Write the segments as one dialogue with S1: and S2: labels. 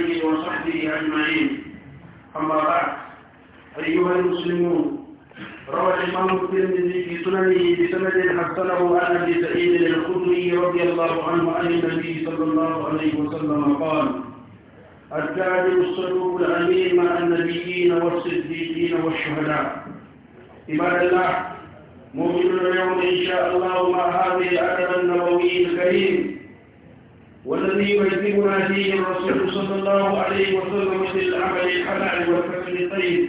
S1: آله وصحبه أجمعين أما بعد أيها المسلمون روى الإمام الترمذي في سننه بسند حسنه عن أبي سعيد الخدري رضي الله عنه عن النبي صلى الله عليه وسلم قال الكاذب الصدوق الأمين مع النبيين والصديقين والشهداء عباد الله مؤمن اليوم إن شاء الله مع هذه الأدب النبوي الكريم والذي يجذبنا فيه الرسول صلى الله عليه وسلم في العمل الحلال والفكر الطيب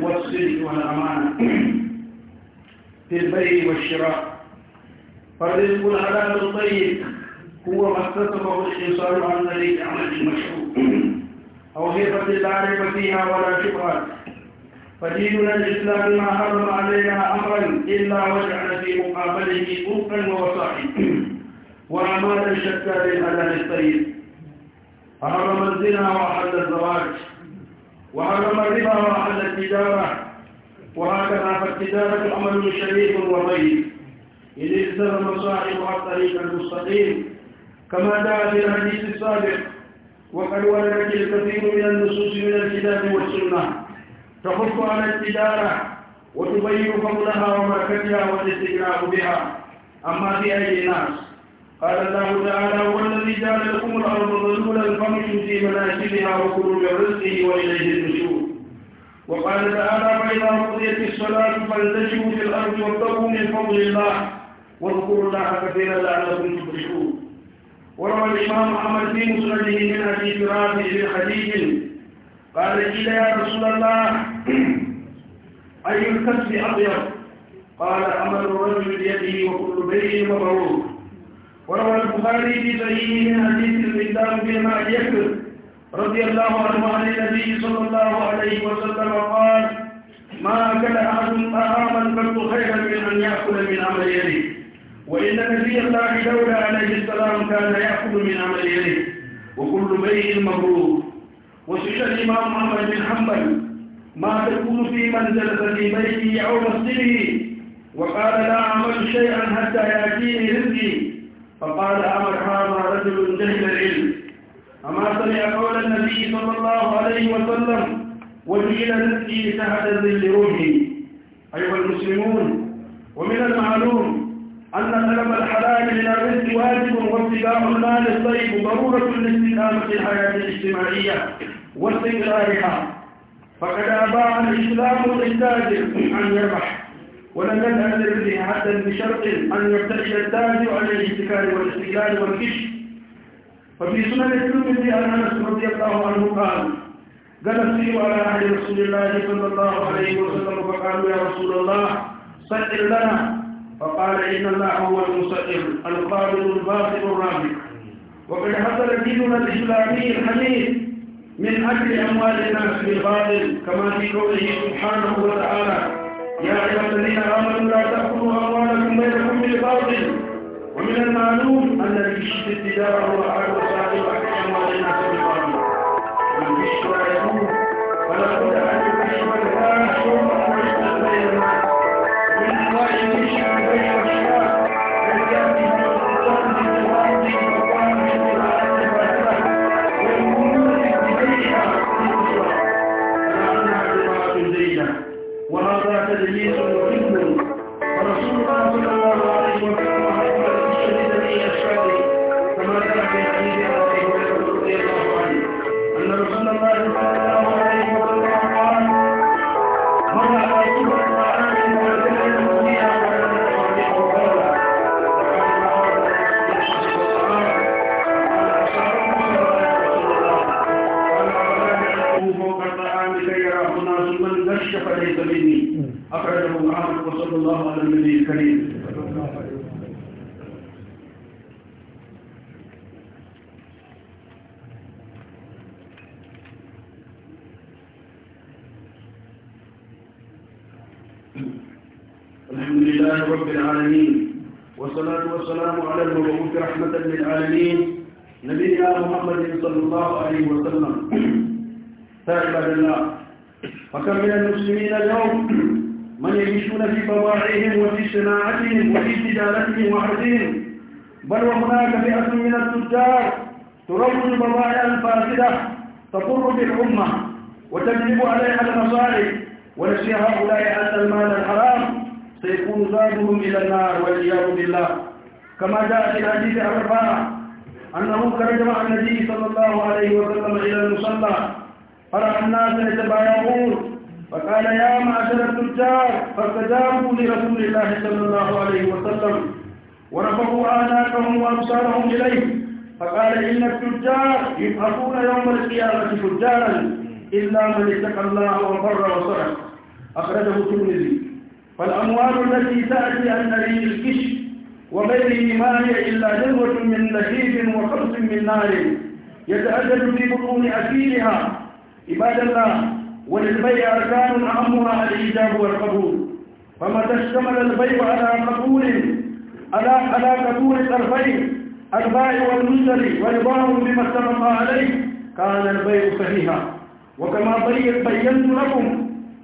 S1: والصدق والأمانة في البيع والشراء فالرزق الحلال الطيب هو ما اكتسبه الإنسان عن طريق عمل المشروع أو هبة لا ريب فيها ولا شبهة فديننا الإسلام ما حرم علينا أمرا إلا وجعل في مقابله طرقا ووسائل وأعمالا شتى للأذان الطيب حرم الزنا وأحل الزواج وحرم الربا وأحل التجارة وهكذا فالتجارة عمل شريف وطيب إذ التزم صاحبها الطريق المستقيم كما جاء في الحديث السابق وقد وردت الكثير من النصوص من الكتاب والسنة تحث على التجارة وتبين فضلها وبركتها والاستجلاب بها أما في أي ناس قال الله تعالى هو الذي جعل لكم الارض ذلولا فامشوا في مناكبها وكلوا من رزقه واليه النشور وقال تعالى فاذا قضيت الصلاه فانتشروا في الارض وابتغوا من فضل الله واذكروا الله كثيرا لعلكم تفلحون وروى الإمام أحمد في مسنده من حديث رافع بن حديث قال قيل يا رسول الله أي الكسب أطيب قال عمل الرجل بيده وكل بيع مبروك وروى البخاري في صحيحه من حديث المقدام بن يكتب رضي الله عنه عن النبي صلى الله عليه وسلم قال ما أكل أحد طعاما قط خيرا من أن يأكل من عمل يده وإن نبي الله دولة عليه السلام كان يأكل من عمل يده وكل بيع مبرور وسئل الإمام أحمد بن حنبل ما تكون في من جلس في بيته أو مسجده وقال لا أعمل شيئا حتى يأتيني رزقي فقال أمر هذا رجل جهل العلم أما سمع قول النبي صلى الله عليه وسلم وجيل نفسي تحت ذل روحي أيها المسلمون ومن المعلوم أن طلب الحلال من الرزق واجب واتباع المال الطيب ضرورة لاستدامة الحياة الاجتماعية واستقرارها فقد أباع الإسلام التاجر أن يربح ولم نذهب لمثله حتى بشرط أن يرتكز التاجر على الاحتكار والاستقلال والكشف ففي سنن الترمذي أن أنس رضي الله عنه قال جلست على أهل رسول الله صلى الله عليه وسلم فقالوا يا رسول الله سئل لنا فقال إن الله هو المسئل القابل الباطل الرابع وقد حصل ديننا الإسلامي الحديث من أجل أموال الناس بالباطل كما في قوله سبحانه وتعالى يا أيها الذين آمنوا لا تأكلوا أموالكم بينكم بالباطل
S2: ومن المعلوم أن الكشف التجارة هو أحد وسائل الأحكام وبينكم بالباطل والكشف لا يكون ولا بد أن الكشف الآن شرطا ويشتغل بين الناس ومن الله الكشف بين الأشياء فليأتي بالقرآن بالقرآن
S1: الحمد لله رب العالمين والصلاة والسلام على المبعوث رحمة للعالمين نبينا محمد صلى الله عليه وسلم تعالى الله فكم من المسلمين اليوم من يعيشون في طواعيهم وفي صناعتهم وفي تجارتهم وحدهم بل وهناك فئة من التجار تروج البضائع الفاسدة تضر بالأمة وتجلب عليها المصالح ونسي هؤلاء أن المال الحرام سيكون زادهم إلى النار والعياذ بالله كما جاء في الحديث عن رفاعة أنه خرج مع النبي صلى الله عليه وسلم إلى المصلى فرأى الناس يتبايعون فقال يا معشر التجار فاستجابوا لرسول الله صلى الله عليه وسلم ورفعوا آناقهم وأبصارهم إليه فقال إن التجار يبعثون يوم القيامة تجارا إلا من اتقى الله وبر وصدق أخرجه الترمذي فالأموال التي تأتي عن أبي الكشف وغيره ما هي إلا جلوة من نشيد وخمس من نار يتأجل في بطون أكيلها عباد الله وللبيع أركان أهمها الإيجاب والقبول فمتى اشتمل البيع على قبول على على قبول الطرفين البائع والمشتري ورضاهم بما اتفق عليه كان البيع صحيحا وكما بينت لكم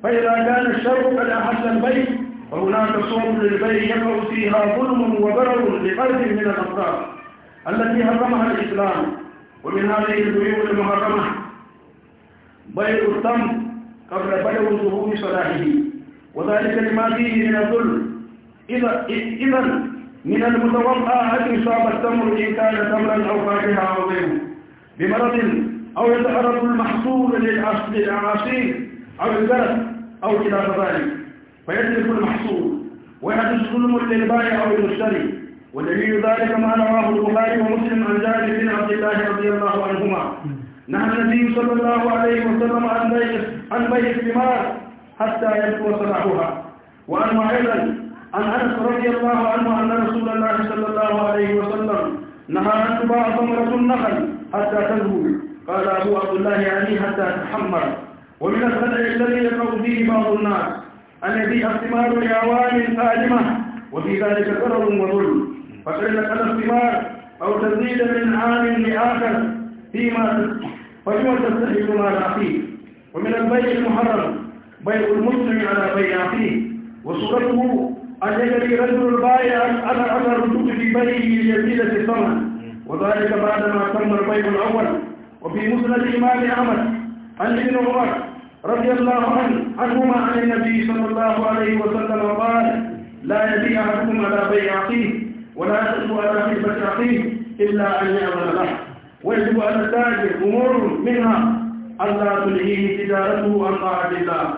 S1: فإذا كان الشر قد أحس البيت فهناك صوم للبيت يقع فيها ظلم وبرر لفرد من الأفراد التي حرمها الإسلام ومن هذه البيوع المحرمة بيع التمر قبل بيع ظهور صلاحه وذلك لما فيه من الظلم إذا إذا من المتوقع أن يصاب التمر إن كان تمرا أو فاكهة أو غيره بمرض أو يتعرض المحصول للعصير أو البلد أو إلى ذلك فيترك المحصول ويحدث ظلم للبائع أو المشتري ودليل ذلك ما رواه البخاري ومسلم عن جابر بن عبد الله رضي الله عنهما نهى النبي صلى الله عليه وسلم عن بيع عن بيع الثمار حتى يبدو صلاحها وأنه أيضا عن أنس رضي الله عنه أن رسول الله صلى الله عليه وسلم نهى أن تباع ثمرة النخل حتى تنهو قال أبو عبد الله علي حتى تحمر ومن الخدع الذي يقع فيه بعض الناس أن يبيع الثمار لأعوام قادمة وفي ذلك ضرر وظلم فإن قد الثمار أو تزيد من عام لآخر فيما فلما تستحق مال أخيه ومن البيع المحرم بيع المسلم على بيع أخيه وصورته أن يجري رجل البائع على أثر الرجوع في بيعه ليزيد في الثمن وذلك بعدما تم البيع الأول وفي مسند الإمام أحمد عن ابن عمر رضي الله عنه عنهما عن النبي صلى الله عليه وسلم قال لا يبيع أحدكم على بيع أخيه ولا يسأل على خدمة أخيه إلا أن يأمن له ويجب على التاجر أمور منها ألا تلهيه تجارته عن طاعة الله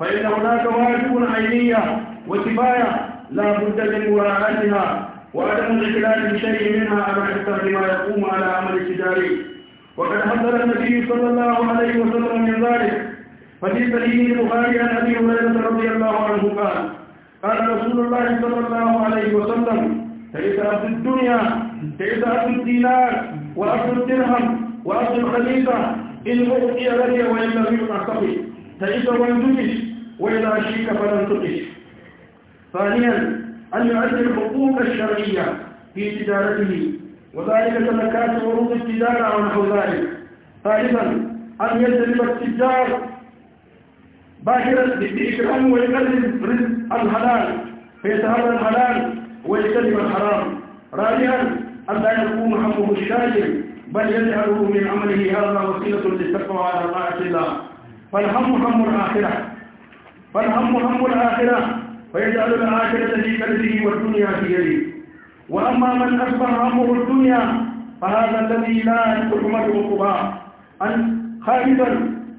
S1: فإن هناك واجب عينية وكفاية لا بد من مراعاتها وعدم الإخلال بشيء منها على حسب ما يقوم على عمل التجاري وقد حذر النبي صلى الله عليه وسلم من ذلك ففي صحيح البخاري عن ابي هريره رضي الله عنه قال قال رسول الله صلى الله عليه وسلم تعيس في الدنيا تعيس في الدينار وأرض الدرهم وأرض الخليفة إن أعطي لك وإن لم يعتقي تعيس وانتقش وإذا أشيك فلن تقش ثانيا أن يعد الحقوق الشرعية في تجارته وذلك زكاة عروض التجارة ونحو ذلك ثالثا أن يجلب التجار باكرا بإكرام ويقلل رزق الحلال فيتهرى الحلال ويجتنب الحرام رابعا أن لا يكون حقه الشاجر بل يجعله من عمله هذا وسيلة للتقوى على طاعة الله فالهم هم الآخرة فالهم هم الآخرة فيجعل الآخرة في قلبه والدنيا في يده وأما من أكبر أمره الدنيا فهذا الذي لا يحمد عقباه أن خالدا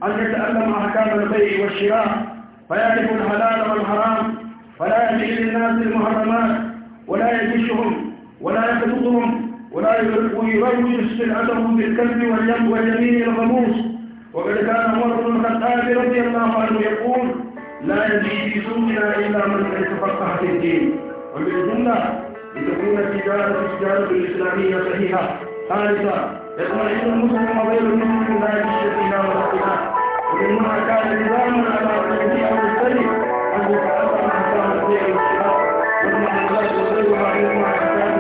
S1: أن يتألم أحكام البيع والشراء فيعرف الحلال والحرام فلا يجيء للناس المحرمات ولا يجيشهم ولا يخلقهم ولا يروج بالكلب واليم واليمين الغموس وقد كان عمر بن الخطاب رضي الله عنه يقول لا يجيء في سوقنا الا من يتفقه في الدين وبالجمله لتكون التجارة التجارة الإسلامية صحيحة ثالثا يطمئن المسلم غير المسلم
S2: من ذلك الشركين والحقيقة ومما كان نظاما على تشريع المجتمع أن يتعرف عن أحكام البيع والشراء والمعاملات وغيرها إلى ما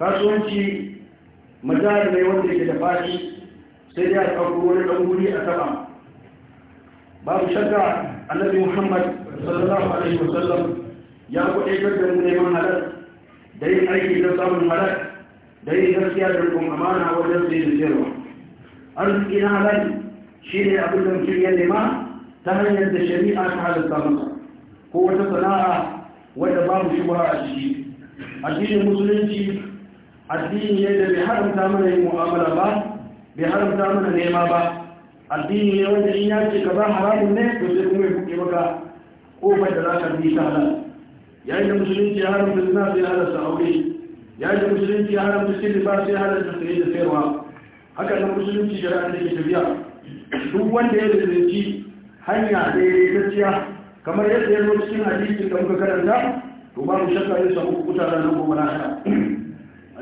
S1: kasuwanci majalar mai wanda ke da fashi sai dai a ɗauko wani ɗan a taba babu shakka annabi muhammad sallallahu alaihi wasallam ya kuɗe da mu neman halar da yin aiki don samun halar da yin gaskiya da rukun amana wajen sai da cewa arziki na halar shi ne abin da mutum ya nema ta hanyar da shari'a ta halatta masa ko wata sana'a wadda babu shubha a ciki addinin musulunci addini ne da bai haramta mana yin mu'amala ba bai haramta mana nema ba addini ne wanda in ya ce ka ba haramun ne to sai kuma ya buɗe maka kofar da za ka bi ta halal yayin da musulunci ya haramta zina sai sa aure yayin da musulunci ya haramta ba sai halarta sai da sayarwa haka nan musulunci da ra'ayi ke tafiya duk wanda ya lalci hanya da ya gaciya kamar yadda ya zo cikin hadisi da muka karanta to ba mu shakka ya samu kuta da nan gobe na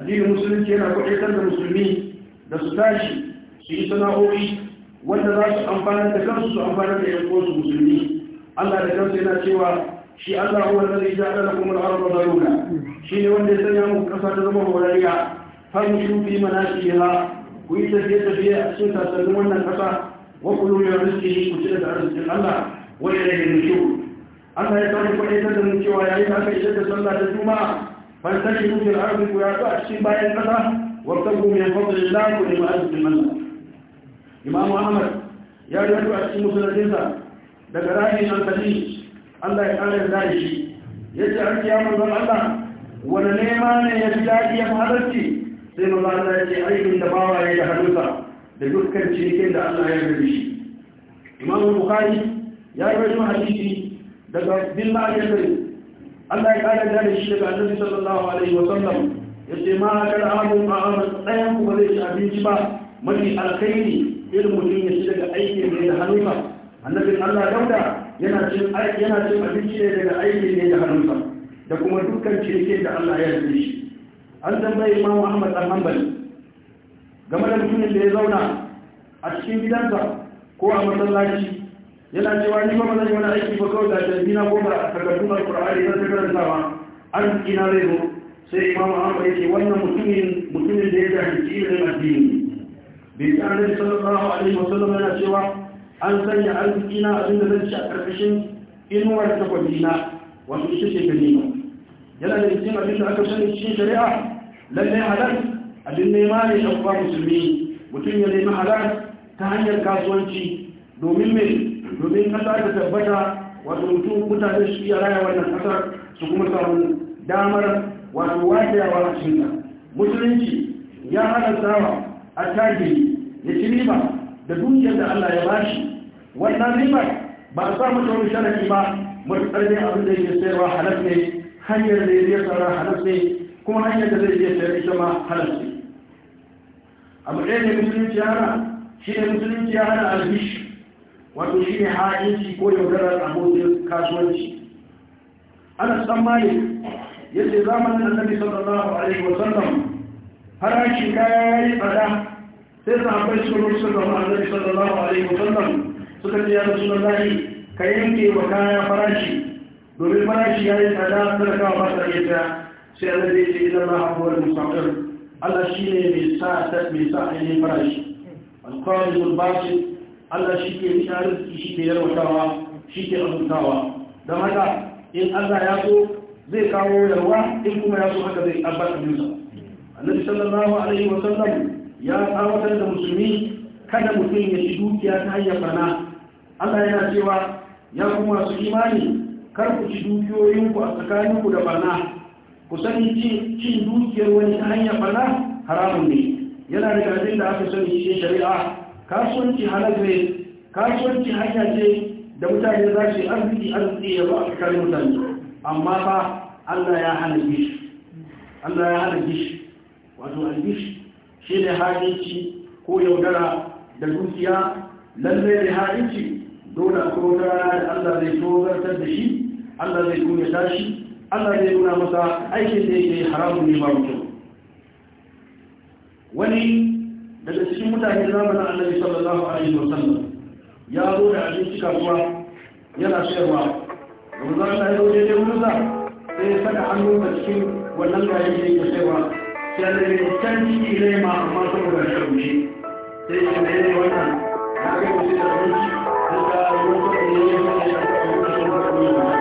S1: addinin musulunci yana kwaɗaitar da musulmi da su tashi su yi sana'o'i wanda za su amfana da kansu su amfana da yan kosu musulmi allah da kansu yana cewa shi allah huwa da zai jaɗa da kuma al'arba da runa shi ne wanda ya sanya muku ƙasa ta zama horariya farin shufi mana shi ha ku yi tafiye-tafiye a cikin sassanin wannan ƙasa wa kullum ya riski ku ci da arzikin allah wani da ya mutu. allah ya kawo kwaɗaitar da mu cewa yayin da aka isar da sallah da juma'a فانتشروا في الارض ويعطوا شيء باين كذا وابتغوا من فضل الله ولما اجل من امام احمد يا ريت اشي مسلمين daga rahin alkali Allah ya kare da shi yace an kiya manzon Allah wani nema ne ya fi daɗi ya halarci sai manzon Allah ya ce aikin da bawa ya yi hannunsa da dukkan cinikin da Allah ya rabu shi imam bukhari ya rabu hadisi daga bin ma'ajin Allah ya kare da shi daga Annabi sallallahu alaihi wa sallam yace ma kar abun ma'amar tsayan kuma zai ci abinci ba mai alkhairi irin mutum ya ci daga aiki ne da hannunsa annabin Allah dauda yana cin yana cin abinci ne daga aiki ne da hannunsa da kuma dukkan cinikin da Allah ya yarda shi an tambayi Imam Ahmad dan Hanbali game da mutumin da ya zauna a cikin gidansa ko a masallaci yana cewa ni ba ma zan wani aiki ba kawai da jami'i na goma ta alkur'ani da takarantawa an ina zai zo sai imamu bai ce wannan mutumin mutumin da ya jahilci ilimin addini bai ta annabi sallallahu alaihi wasallam yana cewa an sanya arziki na abinda zan ci a karkashin inuwar takwabi na wato ita ce yana da cikin abin da aka sani cikin shari'a lallai halal abin nema ne ɗan musulmi mutum ya nemi halal ta hanyar kasuwanci domin mai domin kasa ta tabbata wato mutum mutane su iya raya wannan kasar su kuma samu damar wato wajewa a cikinta musulunci ya hana wa a tajiri ya ci riba da dukiyar da allah ya bashi wannan riba ba a samu ta shanaki sharafi ba matuƙar ne abin da ya sayarwa halas ne hanyar da ya sayarwa halas ne kuma hanyar da zai je sayar ita ma halas ne abu ɗaya ne musulunci ya hana shi ne musulunci ya hana albishi wato shi ne ha'inci ko yaudarar abokin kasuwanci ana tsammanin yadda zamanin annabi sallallahu alaihi wa sallam farashin kaya ya yi tsada sai sahabbai suka mutu su zama annabi sallallahu alaihi wa sallam suka ce ya rasulullahi ka yanke wa kaya farashi domin farashi ya yi tsada suna ba ta iya ta sai annabi zai ce idan ma hakuwar musamman? Allah shi ne mai sa ainihin farashi alƙawarin basit Allah shi ke shahararki shi ke yarwatawa shi ke azuntawa Da haka in Allah ya so zai kawo yarwa in kuma ya so haka zai abbas abinsa annabi sallallahu alaihi wa sallam ya tsawatar da musulmi kada mutum ya ci dukiya ta hanyar bana Allah yana cewa ya kuma su imani kar ku ci dukiyoyinku a tsakaninku da bana ku sani cin dukiyar wani ta hanyar bana haramun ne yana da abin da aka sani shi shari'a kasuwanci halal kasuwanci hanya ce da mutane za su yi arziki arziki ya ba a tsakanin mutane amma fa Allah ya hana gish Allah ya hana gish wato algish shi ne hajinci ko yaudara da dukiya lallai da hajinci dole a kuma rana da Allah zai tozartar da shi Allah zai kuma tashi Allah zai nuna masa aikin da yake haramun ne ba mutum wani daga cikin mutane zamanin annabi sallallahu alaihi wasallam ya zo da abinci kasuwa yana sayarwa yanzu a ya wuce dai wurinsa sai ya saka hannu a cikin wannan gayen da yake yi sai
S2: ya zai can ciki ne ma amma saboda shi sai ya yi wannan ya kai wasu da abinci da ta yi wata ne ya da da ya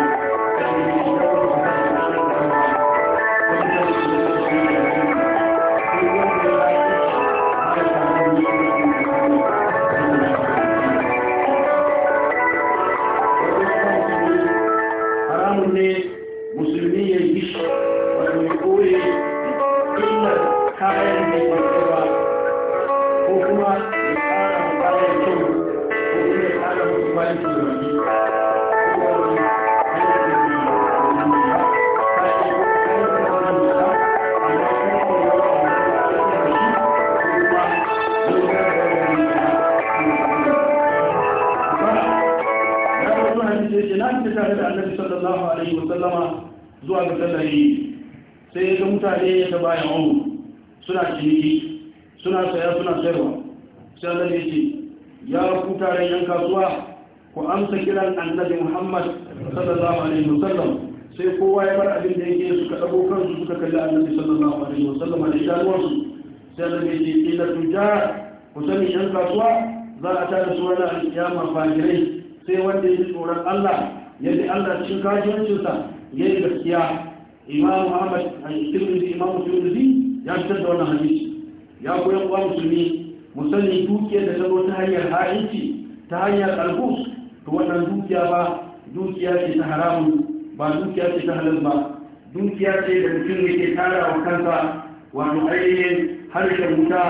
S1: zuwa ga tsallari yi sai ya ga mutane ya ta bayan omu suna ciniki suna saya suna sayarwa sai Allah ya ce ya ku tare yan kasuwa ku amsa kiran annabi Muhammad sallallahu alaihi wasallam sai kowa ya bar abin da yake suka dago kansu suka kalli annabi sallallahu alaihi wasallam da shawarwarsu sai Allah ya ce ila tujar ku sani yan kasuwa za a tare su wani ya fajirai sai wanda ya tsoron Allah yadda Allah cikin cinsa yayi gaskiya imam Muhammad al-Tirmidhi imam Tirmidhi ya fitar da wannan hadisi ya koyan wa musulmi musalli dukiyar da zama ta hanyar ha'inci ta hanyar alkus to wannan dukiya ba dukiya ce ta haramun ba dukiya ce ta halal ba dukiya ce da mutum yake tara wa kansa wato ainihin harshen wuta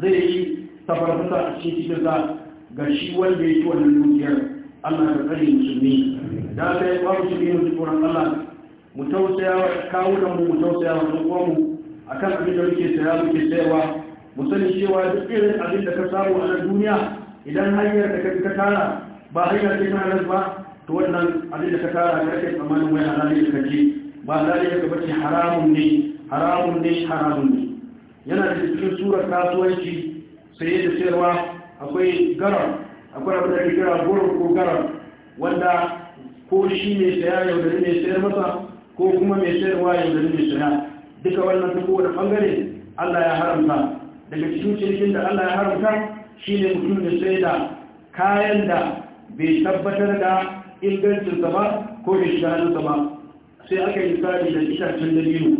S1: zai yi safarfuta a cikin cikinsa ga shi wanda ya ci wannan dukiyar allah da tsari musulmi da ta yi ba musulmi musulmi allah mu tausaya wa mu mu tausaya wa ɗan akan abin da muke saya muke sayarwa mu sani cewa duk irin abin da ka samu a nan duniya idan hanyar da ka tara ba hanyar ce ta halar ba to wannan abin da ka tara ka kai tsammanin wani halali da kaje ba halali da ka bace haramun ne haramun ne haramun ne yana da cikin surar kasuwanci saye da sayarwa akwai garar akwai abin da ke kira gurin ko garar wanda ko shi ne saya yau da ne sayar masa ko kuma mai sayarwa ya zari mai sana duka wannan ta kowane bangare Allah ya haramta daga cikin cinikin da Allah ya haramta shi ne mutum da sai da kayan da bai tabbatar da ingancinsa ba ko da shiga hannunsa ba sai aka yi misali da itacen dabino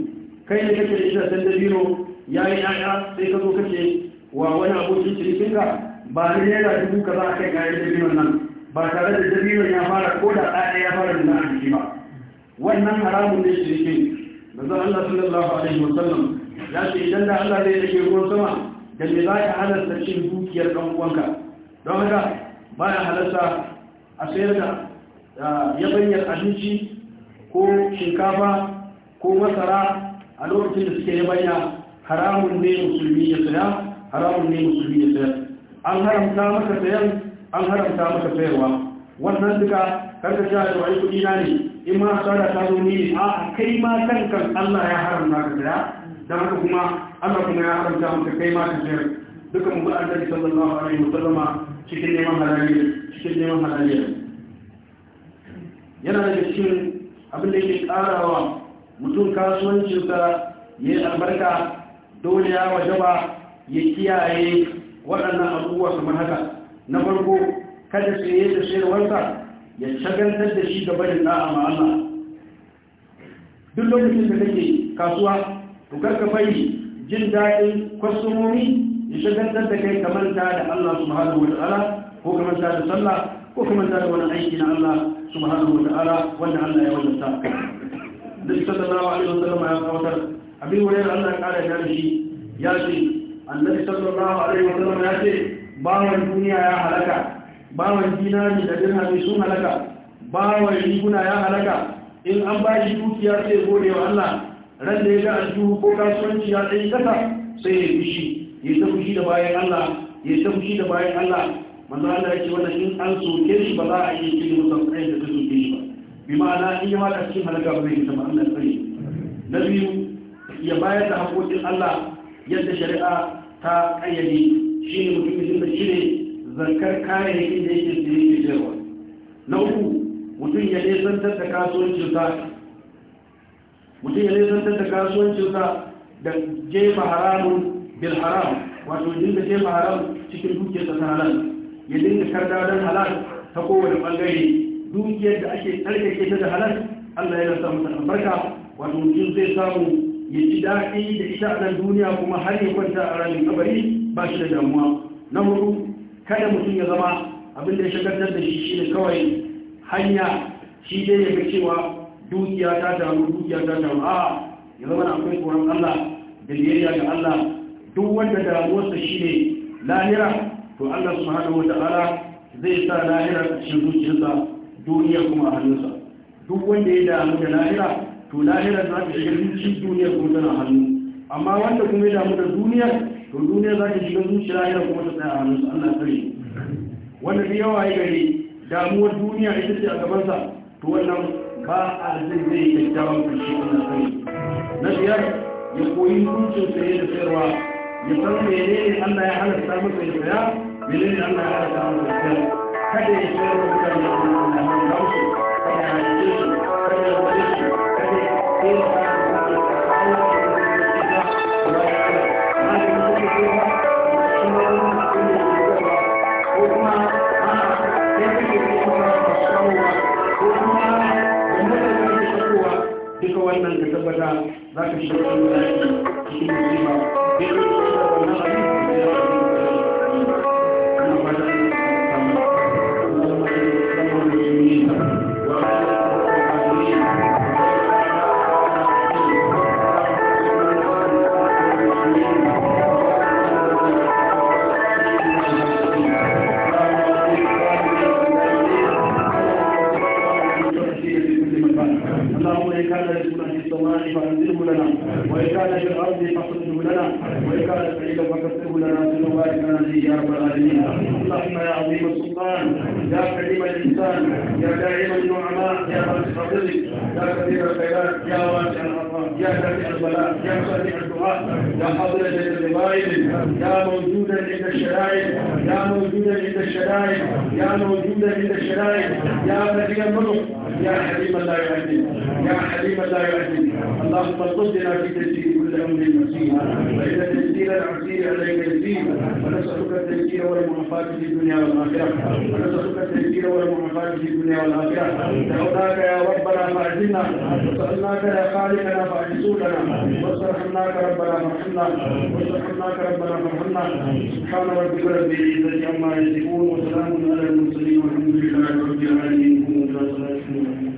S1: kai ne kake da itacen dabino ya yi yaya sai ka zo kake wa wani abokin cinikinka ba ni naira dubu ka za a kai kayan dabino nan ba tare da dabino ya fara ko da ɗaya ya fara da na ba wannan haramun ne shirke manzo Allah sallallahu alaihi wasallam ya ce idan da Allah zai rage ruwan sama da me za ka halarta cin dukiyar dan uwanka don haka ba ya halarta a sayar da yabanyar abinci ko shinkafa ko masara a lokacin da suke yabanya haramun ne musulmi ya saya haramun ne musulmi ya saya an haramta maka sayan an haramta maka sayarwa wannan duka karka sha da wani kudi na ne in ma sada ta zo ni a kai ma kan kan Allah ya haramta ka da dan haka kuma Allah kuma ya haramta maka kai ma ka jira duka mu ba sallallahu alaihi wasallama cikin neman halali cikin neman halali yana da cikin abin da yake karawa mutum kasuwanci ya yi albarka dole ya wajaba ya kiyaye waɗannan abubuwa kamar haka na farko kada su yi da sayarwarsa ya shagantar da shi gaba da na'ama ma Allah duk lokacin da kake kasuwa to ka bari jin daɗin kwastomomi ya shagantar da kai kamar ta da Allah subhanahu wa ta'ala ko kamar ta da sallah ko kamar ta da wani aiki na Allah subhanahu wa ta'ala wanda Allah ya wajabta da sallallahu alaihi wa sallam ya kawatar abin wurin Allah ya kara da shi ya ce annabi sallallahu alaihi wa sallam ya ce bawan duniya ya halaka bawan ne da dirhami sun halaka bawan riguna ya halaka in an ba shi dukiya sai gode wa Allah ran da ya ga aljihu ko kasuwanci ya tsaye kasa sai ya fushi ya ta fushi da bayan Allah ya ta fushi da bayan Allah manzo Allah ya ce wannan in an soke shi ba za a yi cikin musamman da ta soke shi ba bi ma'ana in ya da cikin halaka ba zai zama Allah tsare na biyu ya bayar da haƙoƙin Allah yadda shari'a ta ƙayyade shi ne mutum da shi ne zankar kayayyaki da yake siye da jirwa na uku mutum ya nesantar da kasuwancinsa mutum ya nesantar da kasuwancinsa da jefa haramun bil haram wato da jefa haram cikin dukiyar ta halal ya dinga karda don halal ta kowane bangare dukiyar da ake tsarkake ta da halal Allah yana samu ta albarka wato mutum zai samu ya ci daɗi da ita a duniya kuma har ya kwanta a ranar kabari ba shi da damuwa na hudu kada mutum ya zama abin da ya shagartar da shi shi ne kawai hanya shi dai ya ga cewa dukiya ta damu dukiya ta damu a ya zama na akwai tsoron Allah da biyayya ga Allah duk wanda damuwarsa shi ne lahira to Allah su wata ala zai sa lahira a cikin zuciyarsa duniya kuma a hannunsa duk wanda ya damu da lahira to lahira za ta shiga cikin duniya kuma tana hannu amma wanda kuma ya damu da duniyar to duniya za ka shiga zuciya yana kuma ta tsaya a hannunsa Allah tsare wanda da yawa ya gari damuwar duniya ita ce a gabansa to wannan ba a zai zai kyakkyawan kashi Allah tsare na biyar ya koyi hukuncin
S2: saye da sayarwa ya san menene Allah ya halatta masa ya saya ne Allah ya halatta masa ya sayar kada ya sayar da mutane Allah
S1: إن كان لسنا في السماء فأنزله لنا وإن كان في الأرض فاخرجه لنا وإن كان سعيدا فكسره لنا ثم بارك لنا فيه يا رب العالمين اللهم يا عظيم السلطان يا كريم الإنسان يا داعم النعماء يا رزق الرزق يا كثير الخيرات يا واسع الأرحام يا دافع البلاء يا سامع الدعاء يا حاضر جل يا موجودا عند الشرائع يا موجودا عند الشرائع يا موجودا عند الشرائع يا بديع الملك يا حبيب لا يهدي يا حليم لا يعزيك اللهم ارزقنا في تسجيل كل امر مسيح فان تسجيل العسير عليك يزيد ونسالك التسجيل والمعافاه في الدنيا والاخره ونسالك التسجيل والمعافاه في الدنيا والاخره دعوناك يا ربنا فاعزنا وسالناك يا خالقنا فاعزونا واسترحمناك ربنا فارحمنا واسترحمناك ربنا فارحمنا سبحان ربك رب العزه عما يصفون
S2: وسلام على المرسلين والحمد لله رب العالمين